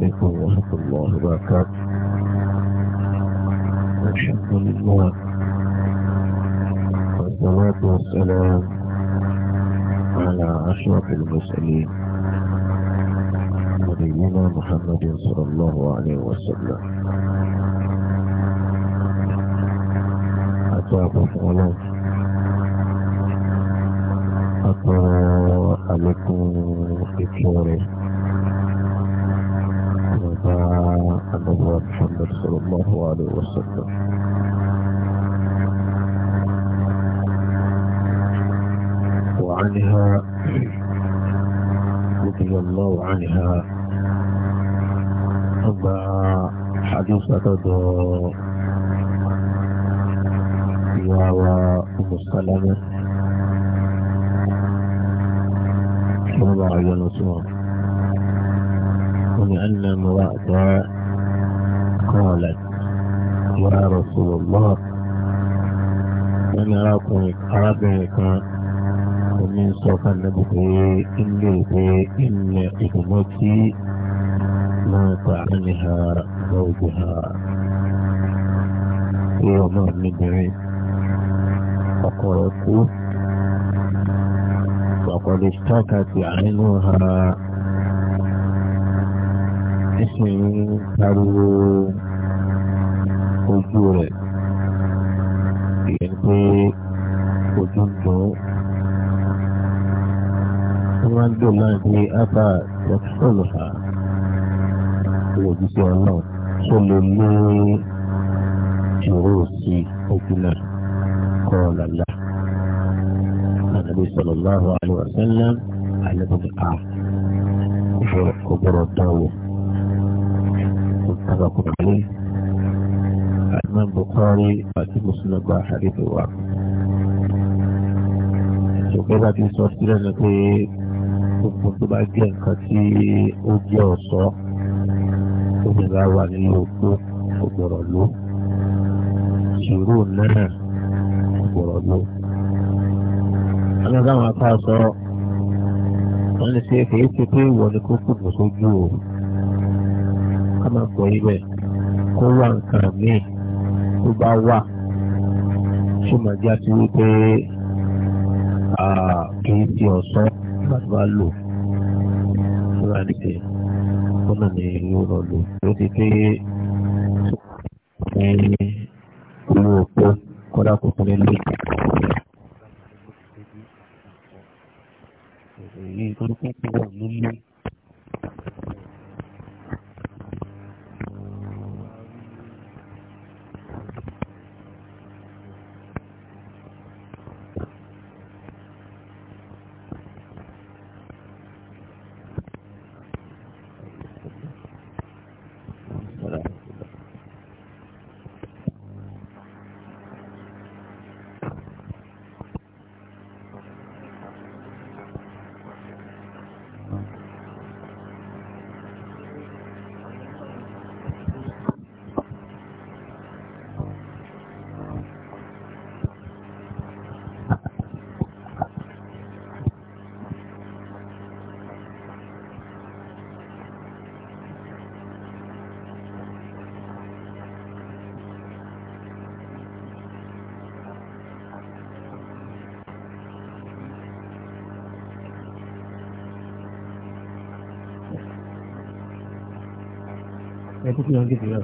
عليكم ورحمة الله وبركاته الحمد لله والصلاة والسلام على أشرف المسلمين نبينا محمد صلى الله عليه وسلم أتاكم الله أتى عليكم في إكرامه محمد صلى الله عليه وسلم وعنها رضي الله عنها أما حديث أتدو يا أم السلامة صلى الله عليه ولأن امرأة قالت يا رسول الله أنا أكون أرابعك ومن سوف نبقي في إن ابنتي مات تعنيها زوجها يوم من فقالت فقد اشتكت عينها nísìnyí ń pariwo ojú rẹ̀ ìyẹn pé ojú dùn ó máa ń dùn náà pé ábà tẹ̀síọ̀nù ha lòdìsí ọ̀nà tó lè mú ìró sí ojú náà kọ́ lálá. Ànábì sallallahu alaihi wasallam àlẹ́ tó ti pa ọ̀gbọ̀rọ̀ dánwò. متفق عليه الإمام البخاري وأتي مسلم وحديث واحد ṣùgbọ́n bí sọ sílẹ̀ ni pé gbogbo tó bá jẹ́ nǹkan tí ó jẹ́ ọ̀ṣọ́ obìnrin wà nínú òkú ọ̀gbọ̀rọ̀ ló ṣòro náà ọ̀gbọ̀rọ̀ ló. àwọn ká máa gbọ́ ibẹ̀ kó wá nǹkan míì tó bá wà ṣé màá jẹ́ àti wípé kì í ti ọ̀sán nígbà tó bá lò fúnra nìkẹ́ ọ̀nà ni yóò lọ lò ó ti pé ní olú òpó kọ́dà kò fún ní lóṣù. ẹkú fi hàn gidi náà.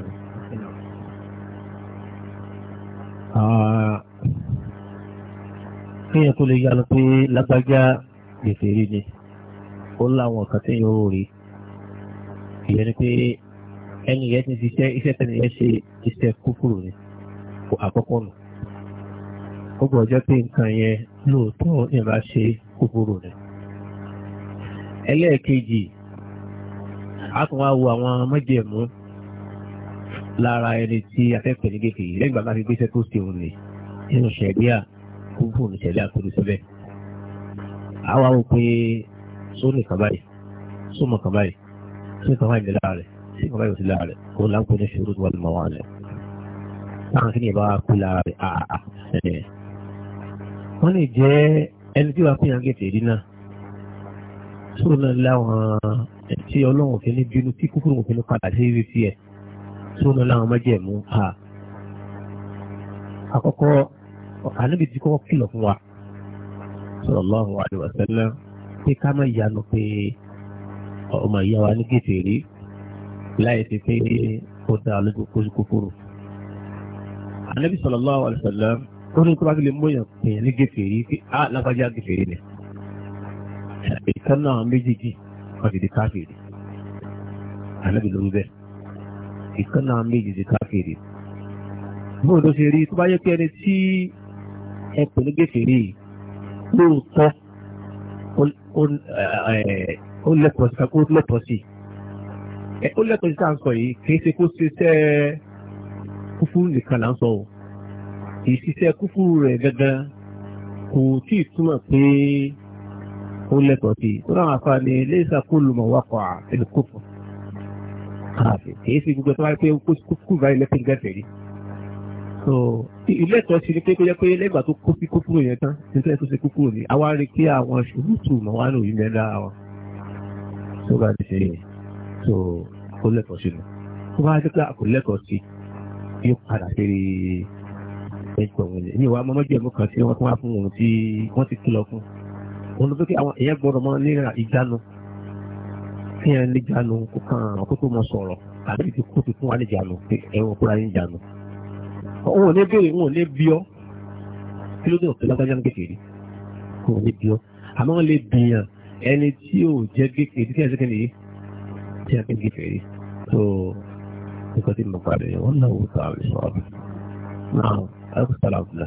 kéèyàn tó lè yanu pé lágbájá gbèsè rí ni ó láwọn kan ni. yóò rí ìyẹn ni pé ẹni yẹn ti ṣiṣẹ́ iṣẹ́ tẹ́ni yẹn ṣe iṣẹ́ kúkúrú ni kò àkọ́kọ́ nù ó gbọ́dọ̀ pé nǹkan yẹn lóòótọ́ ìyẹn bá ṣe kúkúrú ni. ẹlẹ́ẹ̀kejì a tún wá wo àwọn májẹ̀mú lára ẹni tí afẹ́fẹ́ ní gègé yìí lẹ́gbàá láti gbéṣẹ́ tó ṣe òun ni nínú ṣẹ̀díà kúkú ní ṣẹ̀díà kó ní síbẹ̀. àwa wò pé sóní kàbáyé sómọ kàbáyé sóní kàbáyé ní lára rẹ̀ sóní kàbáyé ò sí lára rẹ̀ kó láńkó ní ṣòro tó wà ní màwá rẹ̀. táwọn kí ni ìbá kú lára rẹ̀ àà ẹ̀ wọ́n lè jẹ́ ẹni tí wàá pèyàn gègé rí náà sóní láwọn tí ọlọ́run fi tó lọ láwọn májẹ̀mú ha àkọ́kọ́ ànábì ti kọ́kọ́ kìlọ̀ fún wa sallallahu alaihi wasallam pé ká má yanu pé ọmọ ìyá wa ní kèfèrí láì ti pé ó dá lójú kójú ànábì sallallahu alaihi wasallam ó ní kọ́ba kílẹ̀ mọ́yàn pèèyàn ní kèfèrí pé á lágbájá kèfèrí ni ìkan náà méjèèjì wọ́n ti di káfíìrì ànábì ló ń bẹ́ẹ̀ ìkan náà méjì ti káfíìrì bóun tó ṣe rí tó bá yẹ kí ẹni tí ẹ pè ní gèfèrè lóòótọ́ ó lẹ́tọ̀ọ́ sí ó lẹ́tọ̀ọ́ sí ó lẹ́tọ̀ọ́ sí sáǹsọ̀ yìí kìí ṣe kó ṣiṣẹ́ kúfúrú nìkan là ń sọ o kìí ṣiṣẹ́ rẹ̀ gangan kò tí túmọ̀ pé ó lẹ́tọ̀ọ́ sí tó náà àfa ni léṣà kó lùmọ̀ wákọ̀ àfẹnukófò èyí ah, sì gbogbo tó wáyé pé kúkú báyìí lẹ́sìn gẹ̀ẹ́sẹ̀ rí. so ilé ẹ̀tọ́ sí ni pé kó jẹ́ pé lẹ́gbàá tó kó sí kúkúrò yẹn tán nítorí tó ṣe kúkúrò ní àwa rí pé àwọn ṣùgbùtù mọ̀ wá lò yìí mẹ́ta wọn. tó bá ti ṣe yẹn so kó lẹ́tọ̀ọ́ sí ni tó bá jẹ́ pé kò lẹ́tọ̀ọ́ sí yóò ni ìwà mọ́mọ́jẹ̀mú kí ẹ ní jánu kó kàn án kó tó mọ sọ̀rọ̀ àbí ti kó ti fún wa ní jánu ẹ̀rọ kúra ní jánu. òun ò ní béèrè òun ò ní bí ọ kí ló dé òkè lágbájá ní kékeré òun ò ní bí ọ àmọ́ wọn lè bìyàn ẹni tí ò jẹ́ kékeré tí ẹ̀ sẹ́kẹ̀ nìyí tí ẹ̀ kékeré kékeré tó nǹkan tí mo parí wọn náà wò sọ àbí sọ àbí náà ẹ̀ kò sọ̀rọ̀ àbúlá.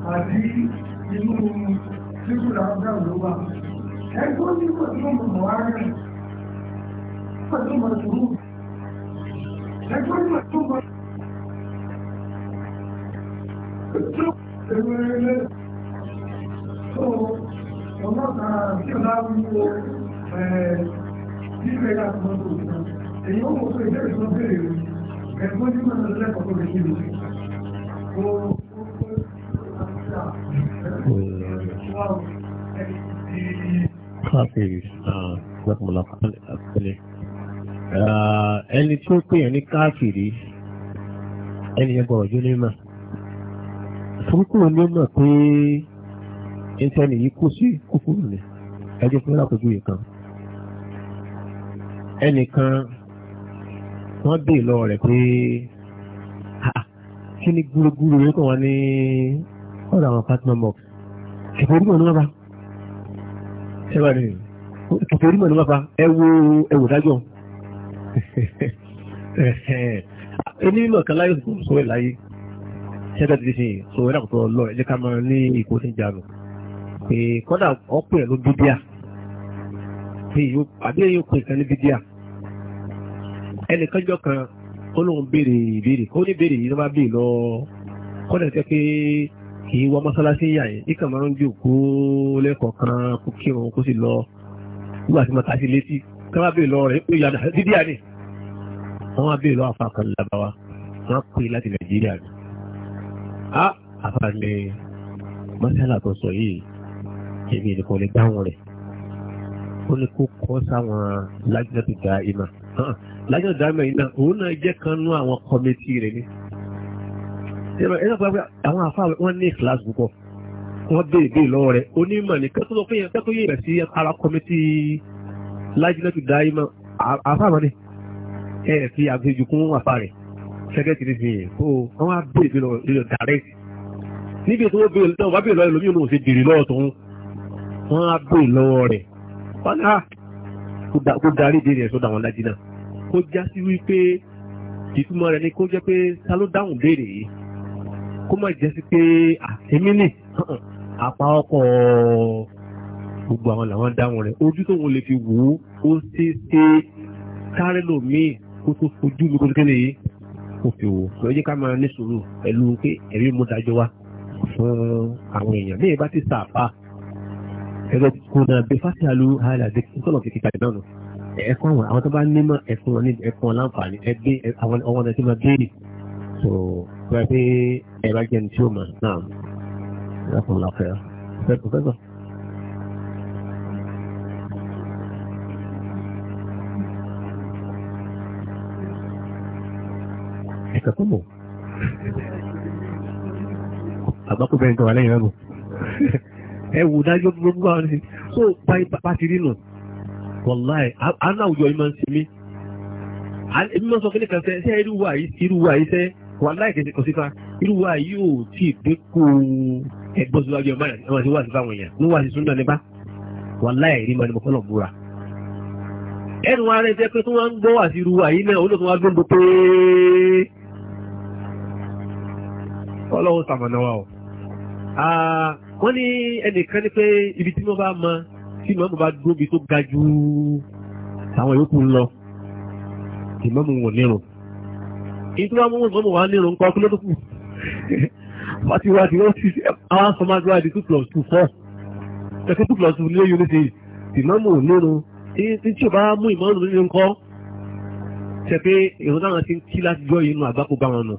Àti inú ìlú ìlú ìlú àgbà òlúwà. Ẹgbọ́n ní pẹ̀lú ọmọ àárín مقدمة الجمهور لكن مكتوبة Coffee, uh, what will I call it? Uh, ẹni tí ó pèèyàn ní káàkiri ẹni yẹn gbọ́dọ̀ jó ní mà fúnkù ní mà pé ìtẹ́ni yìí kú sí kúkúrú ni ẹjọ́ fún lápòjú yìí kan ẹnìkan wọ́n dè lọ rẹ̀ pé kí ni gúrúgúrú rẹ̀ kàn wá ní ọ̀dọ̀ àwọn partner box kẹfẹ́ orí mọ̀ ní wọ́n bá ẹ wà ní kẹfẹ́ orí mọ̀ ní wọ́n bá ẹ wo ẹ wò dájọ́ onímọ̀ kan láyé òsìkò sọ ẹ̀ láyé ṣẹ́dá ti ṣe sọ ẹ̀ lákòótọ́ lọ ẹ̀ jẹ́ ká máa ní ìkó ní ìjànù pé kọ́dà ọ̀pọ̀ ẹ̀ ló bíbíà pé àbí ẹ̀yìn òkú ìkan ní bíbíà ẹnìkanjọ́ kan ó lóun béèrè ìbéèrè kó ní béèrè yìí ló máa béèrè lọ kọ́dà jẹ́ pé kì í wọ mọ́sálásí yà yẹn ìkà máa ń jòkó lẹ́kọ̀ọ́ kan kó kírun kó sì lọ nígbà tí mo ta sí létí kí wọ́n bèè lọ rẹ̀ pé yàrá dídí àná wọ́n bèè lọ afa kan labawa wọ́n pè láti nàìjíríà ni. a ni masala tó sọ yìí èmi nìkan lè dáhùn rẹ̀ ó ní kó kọ́ sáwọn lájọ́ ti da ìmọ̀ lájọ́ da ìmọ̀ yìí náà òun náà jẹ́ kan nú àwọn kọ́mẹ́tì rẹ̀ ni. ẹ̀rọ pé àwọn afa wọn ní kíláàsì púpọ̀ wọ́n bèè bèè lọ́wọ́ rẹ̀ onímọ̀ nìkan tó lọ yẹn kẹ́kọ̀ọ́ yẹ̀ sí ara kọ́mẹ́tì lájúlẹ̀ tó dáyé mọ́ àfáàmọ́ ni ẹ fi àgbèjì kún àfa rẹ̀ sẹ́kẹ́tìrì fi yẹn kó àwọn abéèrè lọ dàrẹ́tì níbi ètò wọn béèrè lọ́wọ́ bábéèrè lọ́wọ́ ẹlòmíràn ò ṣe béèrè lọ́wọ́ tó ń wọ́n á béèrè lọ́wọ́ rẹ̀ wọ́n á ah, kó darí ìbéèrè ẹ̀ sọ́dọ̀ àwọn lájí náà kó já sí wípé ìtumọ̀ rẹ̀ ni kó jẹ́ pé ta ló dáhùn béèrè yìí kó má jẹ́ sí pé ah, àtẹ́mínì àpá ọkọ̀ ọ̀ gbogbo àwọn làwọn dáhùn rẹ̀ ojú tó wọn lè fi wò ó ó ṣe é ṣe sáré lòmíì kó tó fojú mi kó tó kéde yìí kó fi wò ó lọ́jọ́ ká máa ní sùúrù pẹ̀lú pé ẹ̀rí mú dájọ́ wá fún àwọn èèyàn bí ìbá ti sàpá ẹgbẹ́ kò náà bẹ fásitì alu alàdé sọ̀rọ̀ fi kíkà náà nù ẹ̀kọ́ àwọn àwọn tó bá nímọ̀ ẹ̀fún wọn ní ẹ̀fún wọn láǹfààní ẹgbẹ́ àwọn ọmọ náà ti máa béèrè so pé ẹ̀rọ ajẹ́ni tí ó mọ̀ náà ẹ̀fún làfẹ́ pẹ́ẹ́pẹ́ pẹ́ẹ́pẹ́. ẹnìkan tó mọ̀ àbákùnbẹ̀rẹ̀ tó wà lẹ́yìn náà nù ẹ wò dájọ́ gbogbo àwọn ọ̀rẹ́ so bá ti rí nù wọ̀láì àná àwùjọ yìí máa ń sinmi èmi máa ń sọ kí ní kan sẹ́ sẹ́ irú wa yìí irú wa yìí sẹ́ wọ̀láì kẹsì kọsí fa irú wa yìí ò tí ì dínkù ẹgbọ́n síwájú ọmọ rẹ̀ ẹ̀wọ̀n sí wà sí fáwọn èèyàn ní wà sí súnà nípa wọ̀láì rí mọ́ni mo kọ́ lọ búra ẹnu wa rẹ̀ jẹ́ pé tí wọ́n ń gbọ́ wà sí irú wa yìí náà olóòtú wa ọlọ́run sàmọ̀nà wa o. wọ́n ní ẹnìkan ní pé ibi tí wọ́n bá mọ tí mọ́mù bá dúró bí tó ga ju àwọn yòókù ń lọ ìmọ̀mù wò nírun. ìtura mọ́mù mọ́mù wa nírun kọ́ kí ló tó kù. wọ́n ti wá ti wọ́n ti àwọn afọmágbá di two plus two four. kẹ́kẹ́ two plus two nílé yóò ṣe ìmọ̀mù nírun tí tí o bá mú ìmọ̀mù nírun kọ́ ṣe pé ìrọ̀lẹ́ àwọn ti ń kí láti jọ ìnú àgbákò bá wọn nù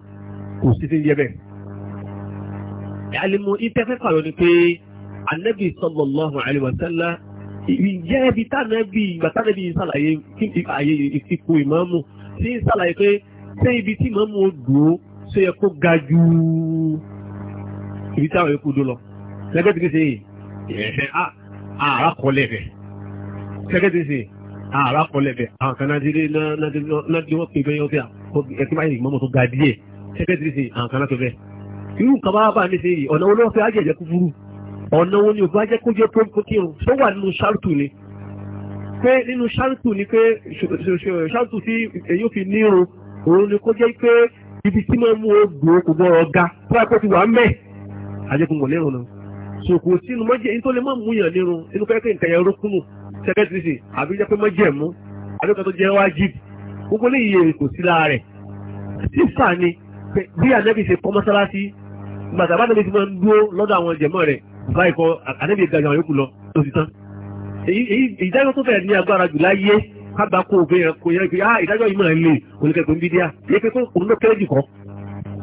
kò sí sí ń yẹ bẹ́ẹ̀ alimu ìtẹ́fẹ́ pàrọ̀ ni pé anabi sallallahu alaihi wasallam ìjẹ́ ibi tánàbí ìgbàtánàbí ìsàlàyé àyè ìsìnkú ìmáàmù sí ìsàlàyé pé ṣé ibi tí ìmáàmù ó dùn ó ṣe yẹ kó ga ju ibi tí àwọn yòókù dùn lọ lẹ́gbẹ́ tí kì ṣe ẹ̀fẹ́ ààrá kọ́ lẹ́fẹ̀ lẹ́gbẹ́ tí kì ṣe ààrá kọ́ lẹ́fẹ̀ àwọn kan náà ti rí náà ti wọ́n pè bẹ́yọ́ fẹ́ ẹ̀kí irú nǹkan bá bá níṣe yìí ọ̀nà olóòfẹ́ fẹ́ ajẹ̀jẹ̀ kúkúrú ọ̀nà wo ni òbá jẹ́ kó jẹ́ tó kírun tó wà nínú ṣáàtù ni pé nínú ṣáàtù ni pé ṣáàtù tí èyí ò fi nírun òun ni kó jẹ́ pé ibi tí máa mú o gbòó kò gbọ́ ọ̀gá tó bá pẹ́ ti wà ń bẹ̀ ajẹ́kùn wọ̀ lẹ́rùn náà so kò sínú mọ́jẹ́ yìí tó lè má mú yàn nírun inú pẹ́ pé nǹkan yẹn rókùnù sẹ́kẹ́tìrìsì àbí jẹ́ pé bí ànábì ṣe kọ́ mọ́sálásí gbàtà bá tẹ̀lé ti máa ń dúró lọ́dọ̀ àwọn jẹ̀mọ́ rẹ̀ báyìí kọ́ àdébí ìgbàjọ àwọn yòókù lọ tó ti tán ìdájọ́ tó fẹ̀ ní agbára jù láyé kágbà kó o fẹ́yàn kó yẹn pé ah ìdájọ́ yìí máa ń lè oníkẹ́kọ̀ọ́ níbi díà yẹ pé kó òun ló kéré jù kọ́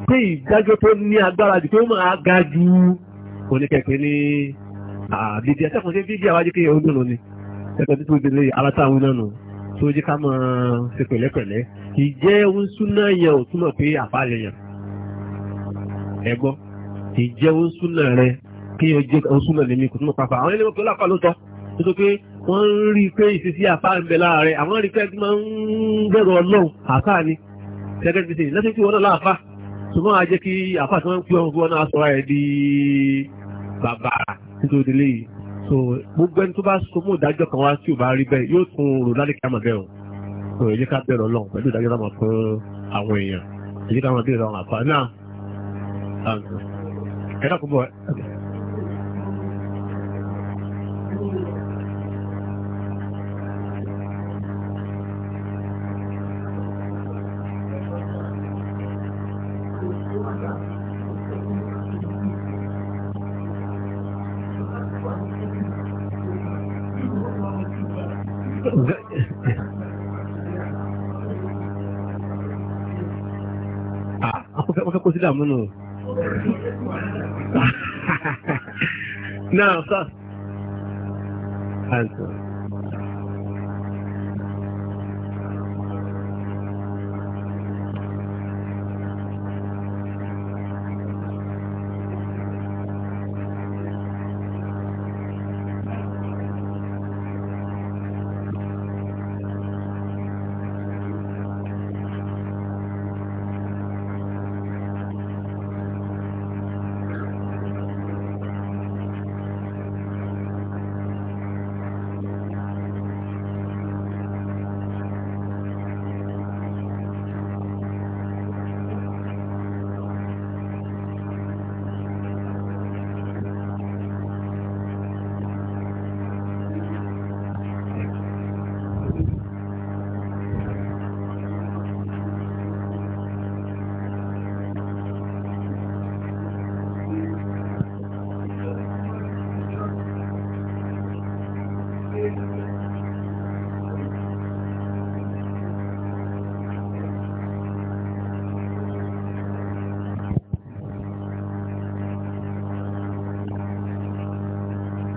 pé ìdájọ́ tó ní agbára jù pé ó máa ga ju oníkẹ́kọ̀ọ́ ní àbídí àtẹ́kùn sí bíbí àwájú kí ọdún lónìí ẹ̀kọ́ tó tóbi lè alátàwọn náà nù kì í jẹ́ oṣùnà rẹ kí o jẹ́ oṣùnà lèmi kò túnmọ̀ pàápàá àwọn ẹlẹ́wọ̀n kí ó lápá ló sọ tó tó pé wọ́n ń rí i pé ìṣesí àpá ń bẹ lára àwọn rí i pé ẹni ń bẹ̀rù ọlọ́run àpá ni gẹ́gẹ́ bí sèyí lọ́sẹ̀ tí wọ́n náà láàfà tó máa jẹ́ kí àpá tí wọ́n ń pè ọ́n fún wọn náà sọ̀rọ̀ ẹ̀ di bàbá nítorí délé yìí so gbogbo ẹni tó bá so mú ìdájọ́ kan wá tí ò bá rí bẹ́ẹ̀ yóò tún rò lálẹ́ kí bẹ́ẹ̀ o so èyí ká bẹ̀rù ọlọ́run pẹ̀lú ìdájọ́ náà mọ̀ fún àwọn èèyàn èyí ká mọ̀ bẹ́ẹ̀ lọ́run àpá náà. Dan aku buat. Okay. Ah, aku tak makan kau silam dulu. نعم صح أنت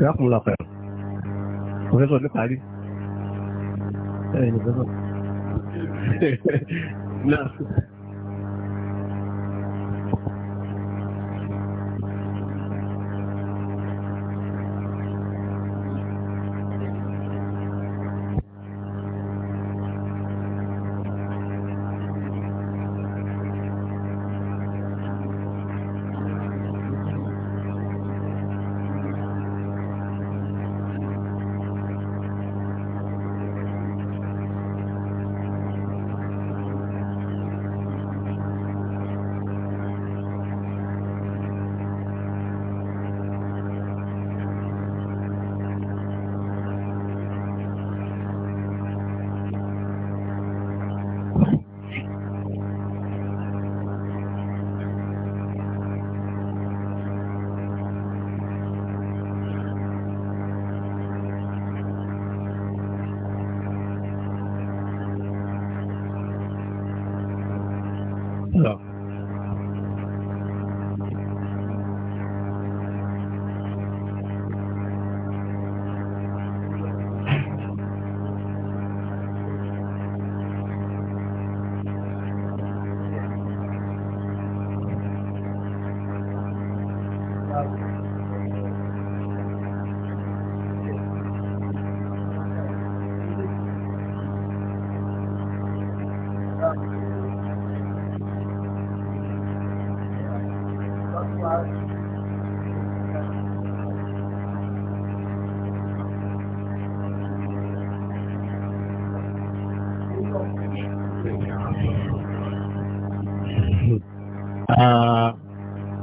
ìrákùnrin lọ́pẹ̀ professor ní parí ẹ̀yìn professor náà No.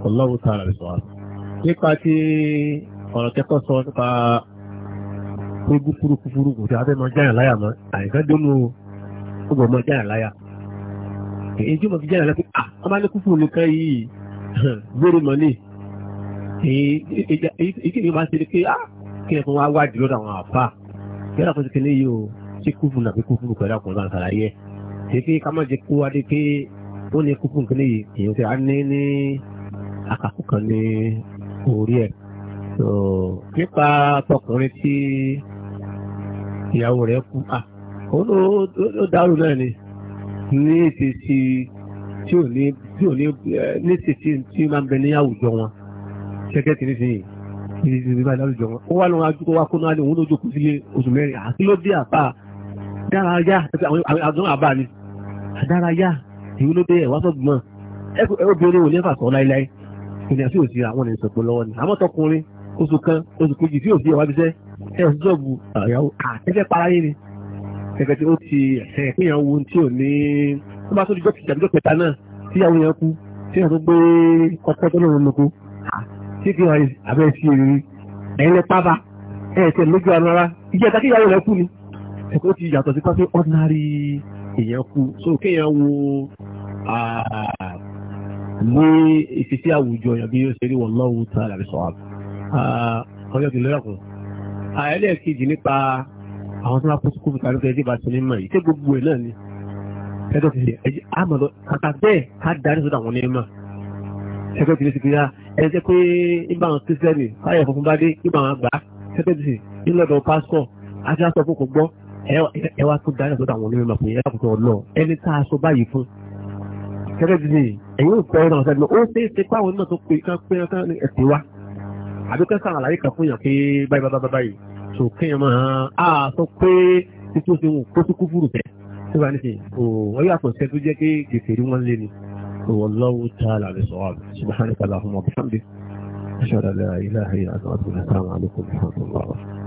Allah ta'ala bisawab. nípa tí ọ̀rọ̀ kẹ́kọ̀ọ́ sọ nípa kúrúkú kúrúkú kúrúkú tí a fẹ́ máa jáyà láyà mọ́ àìsàn dónú ó bọ̀ máa jáyà láyà. èyí tí mo fi jáyà láyà pé à ah, ọba ní kúfù nìkan yìí gbére mọ́ ní èyí kìíní máa ń ṣe ni pé ah, kí ẹ̀kọ́ wá wádìí lọ́dọ̀ àwọn àfà kí ẹ̀rọ kọ́sí kìíní yìí o ṣé kúfù nàbí kúfù pẹ̀lú àkùnrin náà ṣàlàyé ẹ̀ ṣe ká má jẹ́ kó wá dé pé ó ní kúfù nìkan yìí kìí àkàkù kan ní orí ẹ̀ nípa tọkùnrin tí ìyàwó rẹ̀ kú òun ló dárò náà ni ní ètè tí tí ò ní tí ò ní ní ètè tí tí máa ń bẹ ní àwùjọ wọn ṣẹ́gẹ́ tí nísìnyí ní ti ti báyìí láwùjọ wọn ó wá lóun ajúkọ wá kó náà ní òun ló jókòó sílé oṣù mẹ́rin àkílódé àbá dárayá àwọn àbá ni àdárayá ìwúlódé ẹ̀wá sọ́gbọ̀n ẹ obìnrin ò ní fà sọ láíláí ìrìn àti òsì àwọn ènìyàn sọ̀pọ̀ lọ́wọ́ ni àmọ́ tọkùnrin oṣù kan oṣù kejì tí òsì ìwádìíṣẹ́ ẹ ò sọ́ọ̀bù àyàwó àtẹ́fẹ́ paráyé ni ẹ̀fẹ́ tí ó ti ẹ̀pìyàn wo tí ò ní tó bá tó di jọ́kì ìjàdíjọ́ kẹta náà tí ìyàwó yẹn kú tí ìyàwó tó gbé ọkọ̀ tó lọ́rùn lóko tí kì í abẹ́ sí èrè ẹ̀yìn lẹ pábà ẹ̀ẹ̀tẹ̀ lójú ní ìfi sí àwùjọ yàn bí ó ṣe rí wọn lọ́wọ́ tá àlàbí sọ wà. ọjọ́ kìí lọ́yọ̀ kan kejì nípa àwọn tó máa kó sukùlù kan lókè ẹjẹ́ bá ti ní mọ̀ yìí ṣé gbogbo ẹ̀ náà ni ẹjọ́ kìí ẹjẹ́ àmọ̀lọ́ kàkà bẹ́ẹ̀ ká darí sọ́dọ̀ àwọn onímọ̀ ẹjọ́ kìí ti gbéra ẹjẹ́ pé nígbà àwọn kristiani fáyọ̀ funfun bá dé nígbà àwọn àgbà ẹjọ́ kìí nílọ́dọ̀ pásítọ̀ àti aṣọ fún kò gbọ́ ẹ tó darí sọ́dọ̀ àwọn onímọ̀ pé ẹ gẹ́gẹ́ di ní ẹ̀yìn ò pẹ́ náà sẹ́nu ó ṣe é ṣe páwọn náà tó pe kán pé kán ní ẹ̀sìn wa àbí kán sàn àlàyé kan fún yàn pé báyìí báyìí báyìí báyìí tó kéèyàn máa á sọ pé títí ó ṣe wù kó síkú fúrù tẹ̀ tó bá ní ṣe ò yóò àpọ̀ sẹ́tú jẹ́ pé gèsè rí wọ́n lé ni wallahu ta'ala al-sawab subhanaka allahumma wa bihamdik ashhadu an la ilaha illa anta astaghfiruka wa atubu ilayk